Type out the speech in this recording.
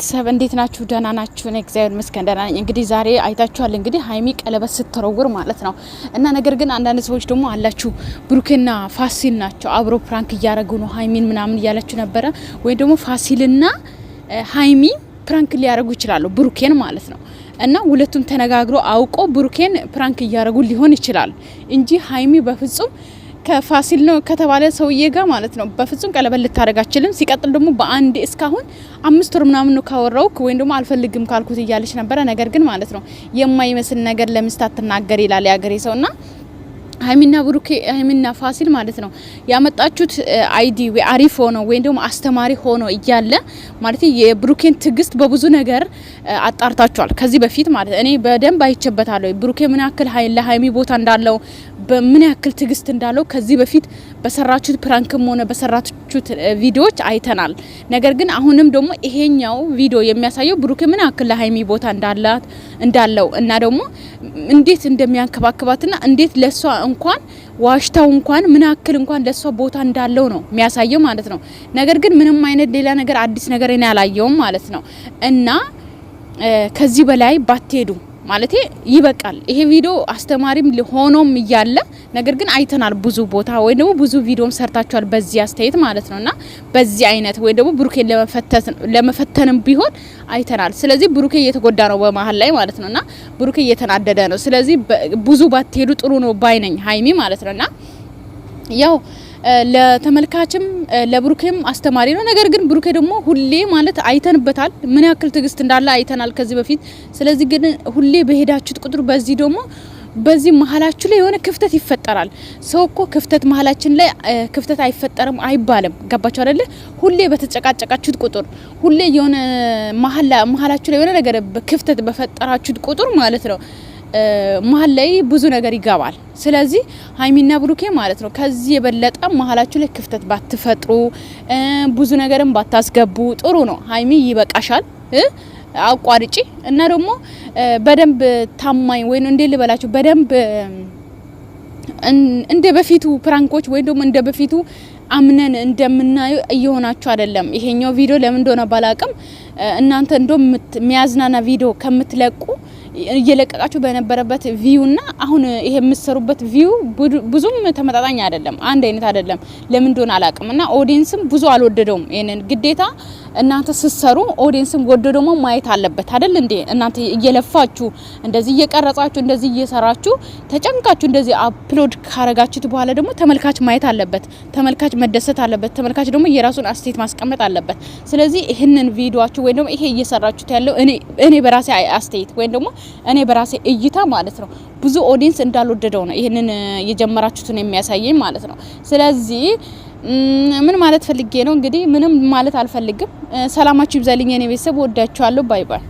ቤተሰብ እንዴት ናችሁ? ደህና ናችሁ? እኔ እግዚአብሔር ይመስገን ደህና ነኝ። እንግዲህ ዛሬ አይታችኋል እንግዲህ ሀይሚ ቀለበት ስትወረውር ማለት ነው እና ነገር ግን አንዳንድ ሰዎች ደግሞ አላችሁ ብሩኬና ፋሲል ናቸው አብሮ ፕራንክ እያደረጉ ነው ሀይሚን ምናምን እያላችሁ ነበረ። ወይም ደግሞ ፋሲልና ሀይሚ ፕራንክ ሊያደረጉ ይችላሉ ብሩኬን ማለት ነው እና ሁለቱም ተነጋግሮ አውቆ ብሩኬን ፕራንክ እያደረጉ ሊሆን ይችላል እንጂ ሀይሚ በፍጹም ከፋሲል ነው ከተባለ ሰውዬ ጋር ማለት ነው በፍጹም ቀለበት ልታደረግ አችልም። ሲቀጥል ደግሞ በአንድ እስካሁን አምስት ወር ምናምን ነው ካወራውክ ወይም ደግሞ አልፈልግም ካልኩት እያለች ነበረ። ነገር ግን ማለት ነው የማይመስል ነገር ለምስት አትናገር ይላል የአገሬ ሰውና ሀይሚና ብሩኬ ሀይሚና ፋሲል ማለት ነው ያመጣችሁት አይዲ አሪፍ ሆኖ ወይም ደግሞ አስተማሪ ሆኖ እያለ ማለት የብሩኬን ትዕግስት በብዙ ነገር አጣርታችኋል። ከዚህ በፊት ማለት እኔ በደንብ አይቼበታለሁ። ብሩኬ ምን ያክል ለሀይሚ ቦታ እንዳለው ምን ያክል ትግስት እንዳለው ከዚህ በፊት በሰራችሁት ፕራንክም ሆነ በሰራችሁት ቪዲዮዎች አይተናል። ነገር ግን አሁንም ደግሞ ይሄኛው ቪዲዮ የሚያሳየው ብሩኬ ምን ያክል ለሀይሚ ቦታ እንዳላት እንዳለው እና ደግሞ እንዴት እንደሚያንከባክባትና እንዴት ለሷ እንኳን ዋሽታው እንኳን ምን ያክል እንኳን ለሷ ቦታ እንዳለው ነው የሚያሳየው ማለት ነው። ነገር ግን ምንም አይነት ሌላ ነገር አዲስ ነገር እኔ አላየውም ማለት ነው እና ከዚህ በላይ ባትሄዱ ማለቴ ይበቃል። ይሄ ቪዲዮ አስተማሪም ሆኖም እያለ ነገር ግን አይተናል ብዙ ቦታ ወይ ደግሞ ብዙ ቪዲዮም ሰርታችኋል በዚህ አስተያየት ማለት ነውና በዚህ አይነት ወይ ደግሞ ብሩኬን ለመፈተንም ቢሆን አይተናል። ስለዚህ ብሩኬ እየተጎዳ ነው በመሀል ላይ ማለት ነውና ብሩኬ እየተናደደ ነው። ስለዚህ ብዙ ባትሄዱ ጥሩ ነው ባይነኝ ሀይሚ ማለት ነውና ያው ለተመልካችም ለብሩኬም አስተማሪ ነው። ነገር ግን ብሩኬ ደግሞ ሁሌ ማለት አይተንበታል፣ ምን ያክል ትዕግስት እንዳለ አይተናል ከዚህ በፊት። ስለዚህ ግን ሁሌ በሄዳችሁት ቁጥር በዚህ ደግሞ በዚህ መሀላችሁ ላይ የሆነ ክፍተት ይፈጠራል። ሰው እኮ ክፍተት መሀላችን ላይ ክፍተት አይፈጠርም አይባልም። ገባችሁ አይደለ? ሁሌ በተጨቃጨቃችሁት ቁጥር ሁሌ የሆነ መሀላችሁ ላይ የሆነ ነገር ክፍተት በፈጠራችሁት ቁጥር ማለት ነው መሀል ላይ ብዙ ነገር ይገባል። ስለዚህ ሀይሚና ብሩኬ ማለት ነው ከዚህ የበለጠ መሀላችሁ ላይ ክፍተት ባትፈጥሩ፣ ብዙ ነገርም ባታስገቡ ጥሩ ነው። ሀይሚ ይበቃሻል አቋርጪ እና ደግሞ በደንብ ታማኝ ወይ እንዴ ልበላችሁ በደንብ እንደ በፊቱ ፕራንኮች ወይም ደግሞ እንደ በፊቱ አምነን እንደምናዩ እየሆናችሁ አይደለም። ይሄኛው ቪዲዮ ለምን እንደሆነ ባላቅም እናንተ እንደም የሚያዝናና ቪዲዮ ከምትለቁ እየለቀቃችሁ በነበረበት ቪው እና አሁን ይሄ የምትሰሩበት ቪው ብዙም ተመጣጣኝ አይደለም፣ አንድ አይነት አይደለም። ለምን እንደሆነ አላውቅም። እና ኦዲየንስም ብዙ አልወደደውም። ይሄንን ግዴታ እናንተ ስትሰሩ ኦዲንስን ወዶ ደግሞ ማየት አለበት አይደል እንዴ? እናንተ እየለፋችሁ እንደዚህ እየቀረጻችሁ እንደዚህ እየሰራችሁ ተጨንቃችሁ እንደዚህ አፕሎድ ካረጋችሁት በኋላ ደግሞ ተመልካች ማየት አለበት፣ ተመልካች መደሰት አለበት፣ ተመልካች ደግሞ የራሱን አስተያየት ማስቀመጥ አለበት። ስለዚህ ይህንን ቪዲዮችሁ ወይም ደግሞ ይሄ እየሰራችሁት ያለው እኔ በራሴ አስተያየት ወይም ደግሞ እኔ በራሴ እይታ ማለት ነው ብዙ ኦዲየንስ እንዳልወደደው ነው ይህንን የጀመራችሁትን የሚያሳየኝ ማለት ነው። ስለዚህ ምን ማለት ፈልጌ ነው እንግዲህ ምንም ማለት አልፈልግም። ሰላማችሁ ይብዛልኝ የኔ ቤተሰብ፣ ወዳችኋለሁ። ባይ ባይ